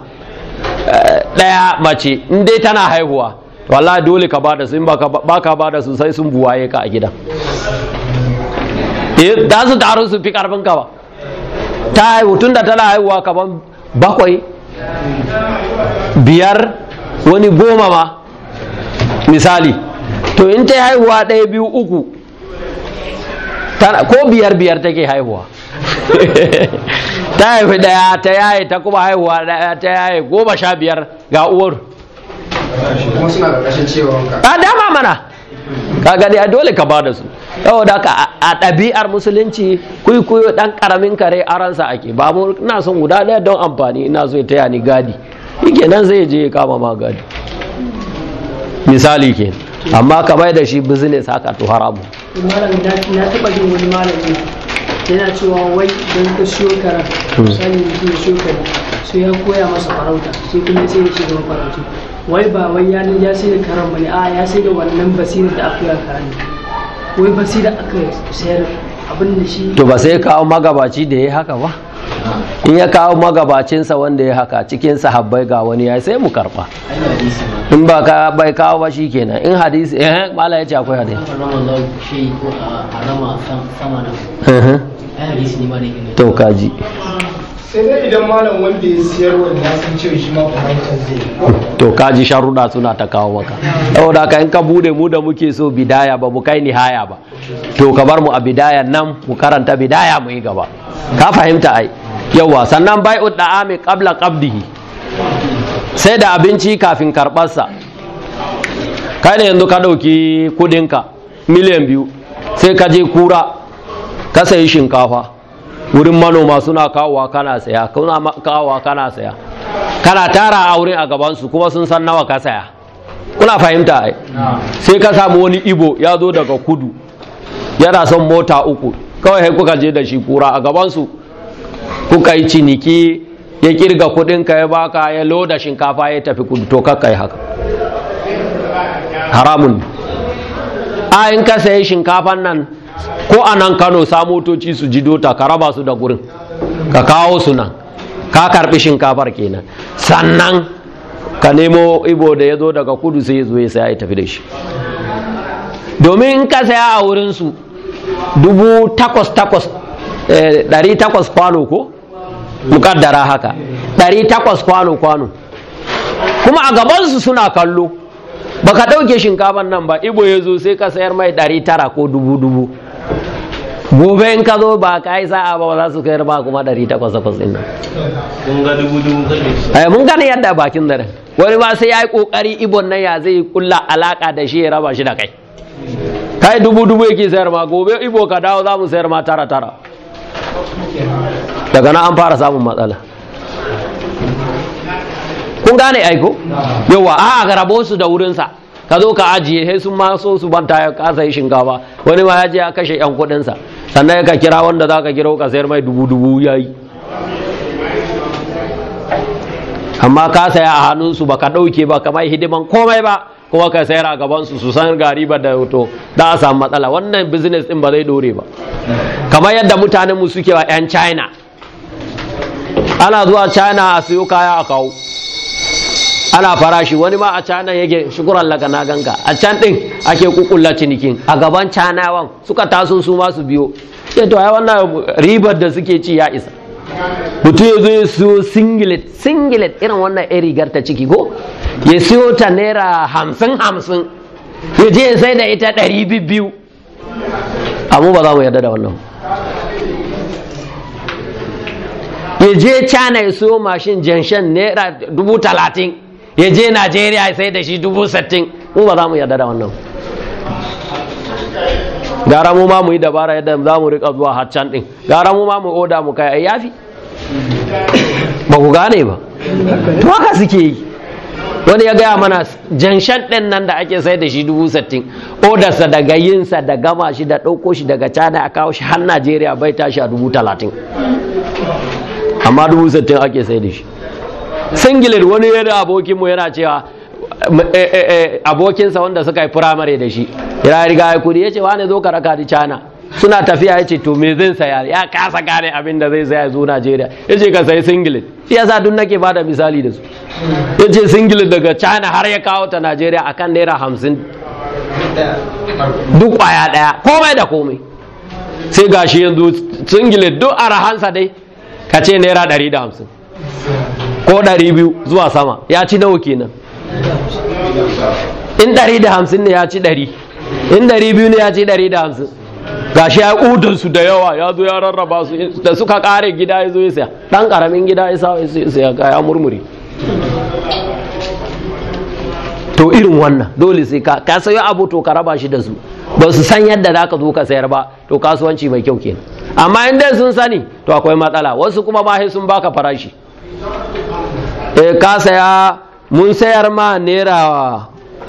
eh, ɗaya mace in dai tana haihuwa wallahi dole ka bada su in ba ka bada su sai sun buwaye ka a gida eh da su taru su fi karfin ka ba ta haihu tun da tana haihuwa kaman bakwai biyar wani goma ma misali to in ta haihuwa ɗaya biyu uku ko biyar biyar take haihuwa ta haifi ɗaya ta yaye ta kuma haihuwa ɗaya ta yaye goma sha biyar ga uwar kuma suna ƙarƙashin cewa dama mana ka gani a dole ka bada su yau da ka a ɗabi'ar musulunci kuikuyo ɗan ƙaramin kare ransa ake ba mu ina son guda ɗaya don amfani ina so ya taya ni gadi yake nan zai je ya kama ma gadi misali ke amma ka bai da shi business haka to haramu na taɓa jin wani malami yana cewa wai don ka siyo kara hmm. sani mutum ya siyo kara sai ya koya masa farauta sai kuma sai ya shiga farauta wai ba wai ya ya sai da karan bane a ya sai da wannan basira da aka yanka ne wai basira aka sayar abin da shi to ba sai ya kawo magabaci da ya haka ba in ya kawo magabacinsa wanda ya haka cikin sahabbai ga wani ya sai mu karba in ba ka bai kawo ba shi kenan in hadisi eh mala ya ce akwai hadisi to kaji sai dai idan malam wanda ya siyar sun ce shi ma zai to kaji sharuɗa suna ta kawo maka saboda ka in ka bude mu da muke so bidaya ba mu kai nihaya ba to ka bar mu a bidaya nan mu karanta bidaya mu yi gaba ka fahimta ai yawa sannan bai'ud da'ami qabla qabdihi sai da abinci kafin karɓarsa kai ne yanzu ka ɗauki kudinka miliyan biyu sai ka je kura ka sayi shinkafa wurin manoma suna kawowa kana saya kuna kawowa kana saya kana tara a wurin a gabansu kuma sun san nawa ka saya kuna fahimta ai sai ka samu wani ibo ya zo daga kudu yana son mota uku kawai sai kuka je da shi kura a gabansu kuka yi ciniki ya kirga kudin ka ya baka ya loda shinkafa ya tafi kudu to kakkai haka haramun a in ka sayi shinkafan nan ko a nan kano sa motoci su ji dota ka raba su da gurin ka kawo su nan ka karbi shinkafar kenan sannan ka nemo ibo da ya zo daga kudu sai ya zo ya saya tafi da shi domin in ka saya a wurinsu dubu takwas takwas eh, ɗari takwas kwano ko mukaddara haka ɗari takwas kwano kwano kuma a gabansu suna kallo baka ɗauke shinkafar nan ba ibo ya zo sai ka sayar mai ɗari tara ko dubu dubu gobe in ka zo ba ka yi sa'a ba za su kayar ba kuma 800 din nan mun eh, gani yadda bakin zaren wani ba sai ya yi kokari ibon nan ya zai kulla alaka da shi ya raba shi da kai kai dubu dubu yake sayar ma gobe ibo ka dawo za mu sayar ma tara tara daga na an fara samun matsala kun gane aiko yawa a ga rabo su da wurinsa ka zo ka ajiye sai sun ma so su banta ya kasa yi shinkafa wani ma ya je ya kashe yan kuɗinsa sannan ka kira wanda za ka kira ka sayar mai dubu dubu ya yi amma ka saya a hannunsu ba ka ɗauke ba kamar hidiman komai ba kuma ka sayar a gabansu su san gari ba da hoto da a samu matsala wannan business din ba zai dore ba kamar yadda mutanenmu suke wa 'yan china ana zuwa china a siyo kaya a kawo ana farashi wani ma a cana yake shukuran laka na ganka a can din ake kukulla cinikin a gaban canawan suka taso su ma su biyo sai to ai wannan ribar da suke ci ya isa mutum ya zo ya siyo singlet singlet irin wannan yan rigar ta ciki ko ya siyo ta naira hamsin hamsin ya je ya sai da ita ɗari biyu amma ba za mu yarda da wannan ya je cana ya siyo mashin janshen naira dubu talatin ya je najeriya sai da shi dubu sattin mu ba za mu yarda da wannan gara mu ma mu yi dabara yadda za mu rika zuwa haccan din gara mu ma mu oda mu kai ai yafi ba ku gane ba to haka suke yi wani ya gaya mana janshan ɗin nan da ake sai da shi dubu sittin odarsa daga yinsa da gama shi da ɗauko shi daga cana a kawo shi har najeriya bai tashi a dubu talatin amma dubu sittin ake sai da shi singilet wani yana abokinmu yana cewa eh, eh, eh, abokinsa wanda suka yi firamare da shi ya riga ya kudi ya ce wane zo ka raka di cana suna tafiya ya ce to me zin saya ya kasa gane abin da zai saya zuwa najeriya ya ce ka sayi singlet ya sa duk nake bada misali da su ya ce singlet daga cana har ya kawo ta najeriya akan naira hamsin duk kwaya daya komai da komai sai gashi yanzu singlet duk arahansa dai ka ce naira ɗari da hamsin ko 200 zuwa sama ya ci nawa kenan in 150 ne ya ci 100 in 200 ne ya ci 150 gashi ya su da yawa ya zo ya rarraba su da suka kare gida ya zo ya saya dan karamin gida ya sa ya ya murmure to irin wannan dole sai ka ka sayo abu to ka raba shi da su ba su san yadda za ka zo ka sayar ba to kasuwanci mai kyau kenan amma in dai sun sani to akwai matsala wasu kuma ba sun baka farashi Eh, ka saya mun sayar ma naira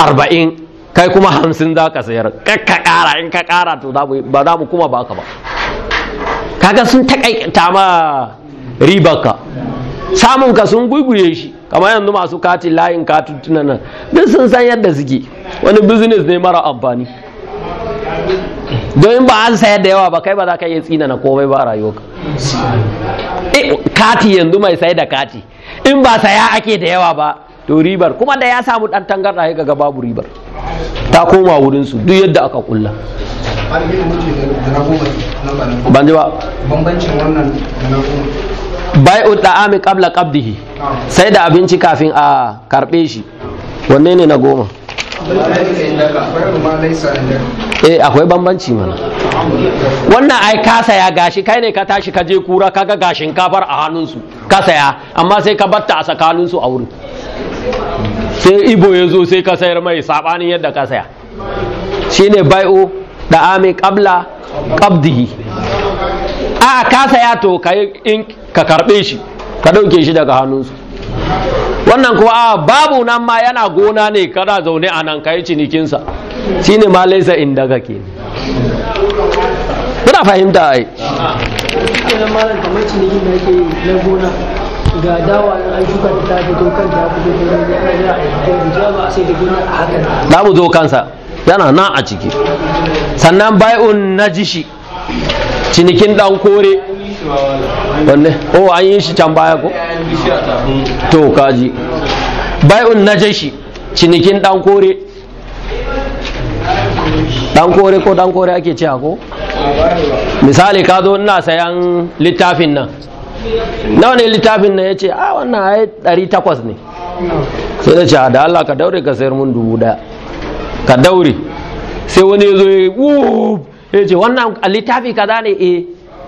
arba'in kai kuma hamsin za ka sayar ka kara in ka kara to ba za mu kuma baka ba kaga sun takaita ma ribarka samun ka sun guguye shi kamar yanzu masu katin layin katin nan duk sun san yadda suke wani business ne mara amfani don ba an sayar da yawa ba kai ba za ka iya tsina na komai ba rayuwa eh, kati yanzu mai sai da kati in ba saya ake da yawa ba to ribar kuma da ya samu dan tangarda ya ga babu ribar ta koma wurin su duk yadda aka kulla ban ji ba bambancin wannan bai'u ta'ami qabla qabdihi sai da abinci kafin a karbe shi wanne ne na goma eh akwai bambanci mana wannan ai kasa ya gashi kai ne ka tashi ka je kura kaga gashin kafar a hannun su. ka saya amma sai ka batta a tsakanin su a wuri sai ibo ya zo sai ka sayar mai sabanin yadda ka saya shine bai'u da ami qabla kabdihi a ka saya to ka in ka karbe shi ka dauke shi daga hannunsu wannan kuwa a babu nan ma yana gona ne kana zaune a nan ka yi cinikinsa shine ma laisa inda ne kuna fahimta ai kenan malam kamar ciniki da ake na gona ga dawa na an shuka ta fito kan ta fito ta zai ana da ba sai da gona a haka hakan babu zo kansa yana na a ciki sannan bai'un najishi cinikin dan kore wanne o oh, an yi shi can baya ko to kaji bai'un najishi cinikin dan kore dan kore ko dan kore ake ce ko misali ka zo ina sayan littafin nan nawa ne littafin nan ya ce a ah, wannan ɗari takwas ne sai da ce ah, da Allah ka daure ka sayar mun dubu daya ka daure sai wani ya zo ya ya ce wannan littafi kaza ne eh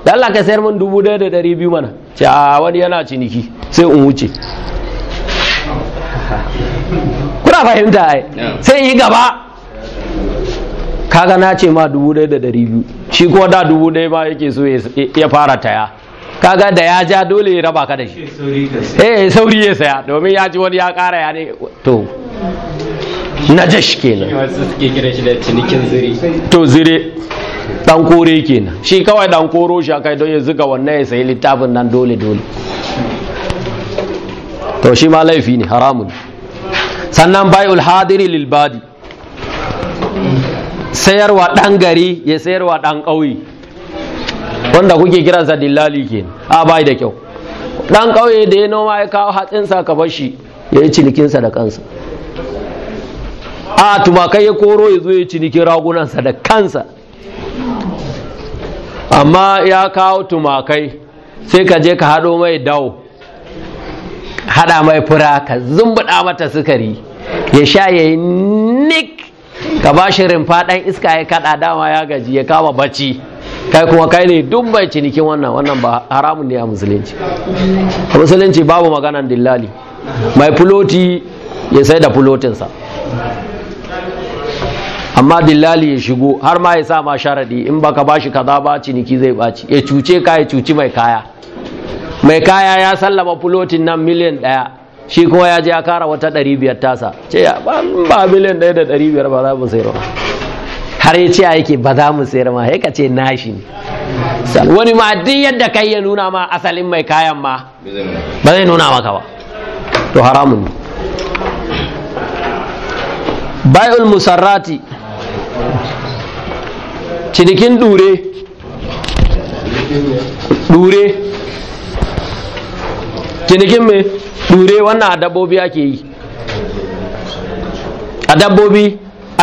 da Allah ka sayar mun dubu daya da dari biyu mana ce a ah, wani yana ciniki sai in wuce kuna fahimta ai sai yi gaba kaga na ce ma dubu ɗaya da ɗari biyu shi kuma da dubu ɗaya ma yake so ya fara taya kaga da ya ja dole ya raba ka da shi eh sauri ya saya domin ya ji wani ya ƙara ya ne to na shi kenan to zire dan kore kenan shi kawai dan koro shi akai don ya zuga wannan ya sayi littafin nan dole dole to shi ma laifi ne haramun sannan ul hadiri lil badi sayarwa ɗan gari ya sayarwa ɗan ƙauye wanda kuke kiransa dillali ke a bai da kyau ɗan ƙauye da ya noma ya kawo hatsinsa ka bar shi ya yi cinikinsa da kansa a tumakai ya koro ya zo ya cinikin ragunansa da kansa amma ya kawo tumakai sai ka je ka haɗo mai dawo haɗa mai fura ka zumbuɗa mata sukari ya sha ya yi nik ka ba shi rumfa ɗan iska ya kaɗa dama ya gaji ya kama bacci kai kuma kai ne duk bai cinikin wannan wannan ba haramun ne a musulunci a musulunci babu maganan dillali mai fuloti ya sai da fulotinsa amma dillali ya shigo har ma ya sa ma sharaɗi in ba ka baka shi kaza ba ciniki zai baci ya cuce ka ya cuci mai kaya mai kaya ya sallama fulotin nan miliyan ɗaya shi kuma ya je ya kara wata 500 tasa ce ya ba miliyan 1 da 500 ba za mu sayar ba har ya ce yake ba za mu sayar ma haika ce nashi ne wani ma duk yadda kai ya nuna ma asalin mai kayan ma ba zai nuna maka ba to haramun ne musarrati cinikin dure dure cinikin mai ture wannan a dabbobi ake yi a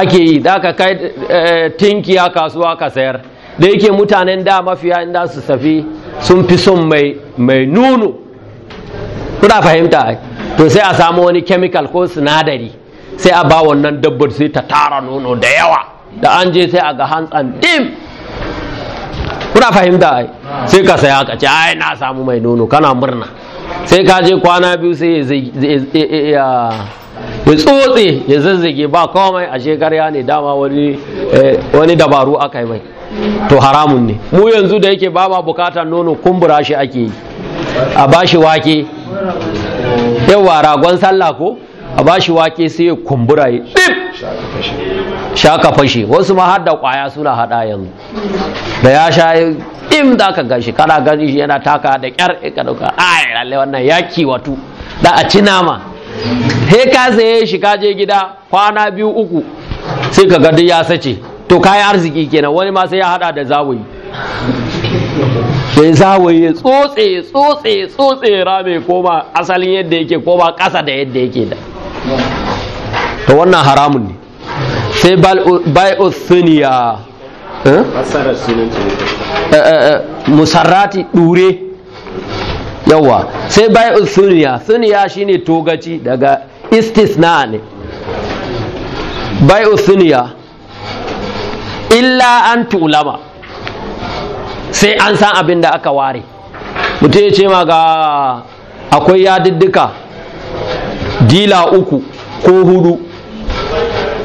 ake yi da ka kai eh, tinkiya kasuwa ka sayar da yake mutanen da mafiya inda su safi sun fi son mai nuno kuna fahimta to sai a samu wani kemikal ko sinadari sai a ba wannan dabbar sai ta tara nono da yawa da an je sai a ga hantsan dim kuna fahimta sai ka saya ka ce ai na samu mai nono kana murna sai ka je kwana biyu sai ya tsotse ya zazzage ba komai a shekarya ne dama eh, wani dabaru aka yi mai to haramun ne mu yanzu da yake ba ba bukatar nono kumbura shi ake yi a bashi wake yawa ragon sallah ko a bashi wake sai ya kumbura yi dip shaka fashe wasu ma har kwaya suna hada yanzu da ya sha dim da ka gashi kana gani shi yana taka da kyar ka dauka ai lalle wannan ya kiwatu da a ci nama he ka saye shi ka je gida kwana biyu uku sai ka ga ya sace to kai arziki kenan wani ma sai ya hada da zawayi sai zawayi ya tsotse tsotse tsotse ko koma asalin yadda yake koma kasa da yadda yake da to wannan haramun ne sai bai'u thaniya Eh? Eh, eh, musarrati ɗure yawa sai bai'ul suniya suniya shine togaci daga istisna ne bai'ul suniya illa an tulama sai an san abin da aka ware mutum ya ce ma ga akwai yadiddika dila uku ko hudu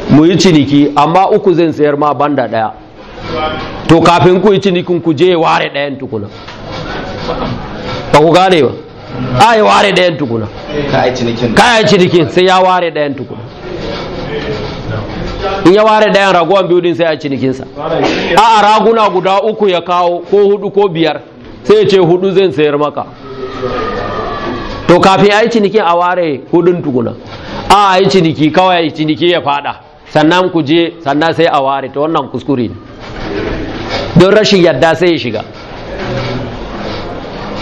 mu yi ciniki amma uku zai sayar ma banda daya to kafin ku yi cinikin ku je ware ɗayan tukuna ba ku gane ba a yi ware ɗayan tukuna kayan cinikin sai ya ware ɗayan tukuna in ya ware ɗayan ragowar biyu din sai ya cinikinsa a a raguna guda uku ya kawo ko hudu ko biyar sai ya ce hudu zai sayar maka to kafin a yi ciniki a ware hudun tukuna a a yi ciniki kawai ciniki ya fada sannan ku je sannan sai a ware ta wannan kuskure ne don rashin yadda sai ya shiga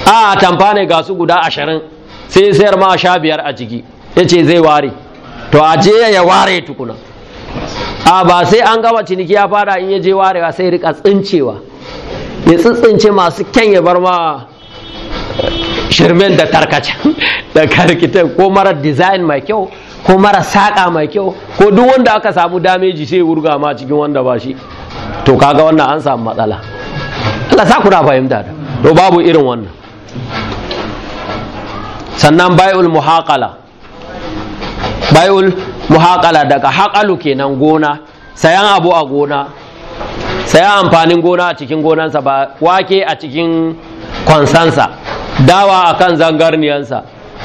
a tamfa ne ga su guda ashirin sai sayar ma sha biyar a ciki ya ce zai ware to a je ya ware tukuna a ba sai an gama ciniki ya fara in ya je warewa sai rika tsincewa ya tsintsince masu kyan ya bar ma eh, shirmen da tarkacin da karkitan ko mara design mai kyau ko mara saƙa mai kyau ko duk wanda aka samu dameji sai wurga ma cikin wanda ba shi to kaga wannan an samu matsala Allah ku na fahimta da to babu irin wannan sannan bai'ul muhaqala bai'ul muhaqala daga haƙalu kenan gona sayan abu a gona sayan amfanin gona a cikin gonansa ba wake a cikin kwansansa dawa a kan zangarniyansa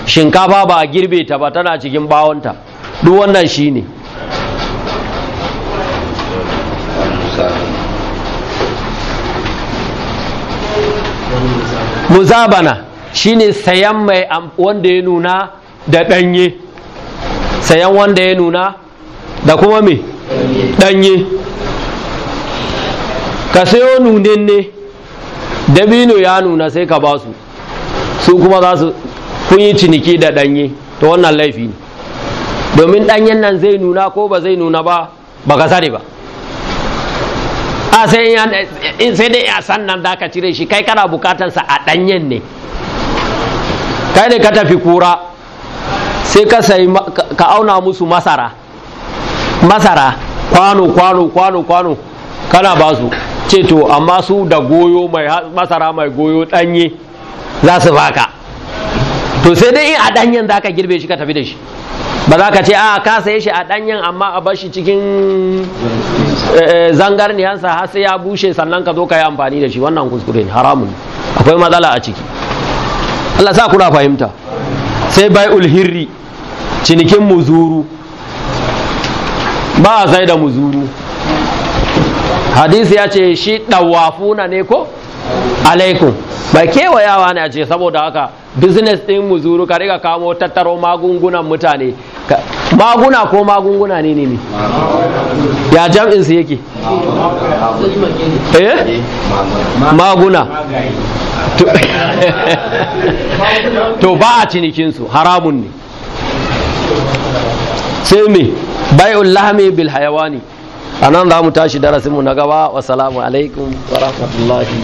shinkafa ba a girbe ta ba tana cikin bawonta duk wannan shine muzabana shine sayan mai wanda ya nuna da ɗanye sayan wanda ya nuna da kuma me ɗanye ka sayo nunen ne dabino ya nuna sai ka ba su su kuma za su kun yi ciniki da ɗanye ta wannan laifi ne domin ɗanyen nan zai nuna ko ba zai nuna ba ba ka sani ba a ah, sai dai a sannan za ka cire shi kai kana sa a danyen ne kai ne ka tafi kura sai ka sai ka auna musu masara masara kwano kwano kwano kwano kana ba su ce to amma su da goyo mai masara mai goyo danye za su baka to sai dai a danyen za ka girbe shi ka tafi da shi ba za ka ce a ah, ka saye shi a danyen amma a bar shi cikin eh, eh, zangarniyansa har sai ya bushe sannan ka zo ka yi amfani da shi wannan kuskure ne haramun akwai matsala a ciki Allah sa kuna fahimta sai bai ulhirri cinikin muzuru ba a sai da muzuru hadisi ya ce shi ɗawafuna ne ko alaikum bai kewayawa ne a ce saboda haka business ɗin muzuru ka riga kamo tattaro magungunan mutane maguna ko magunguna ne ne ne ya jam'in su yake eh maguna to ba a cinikinsu haramun ne sai me bai'ul lahmi bil hayawani anan za mu tashi mu na gaba wa salamu alaikum wa rahmatullahi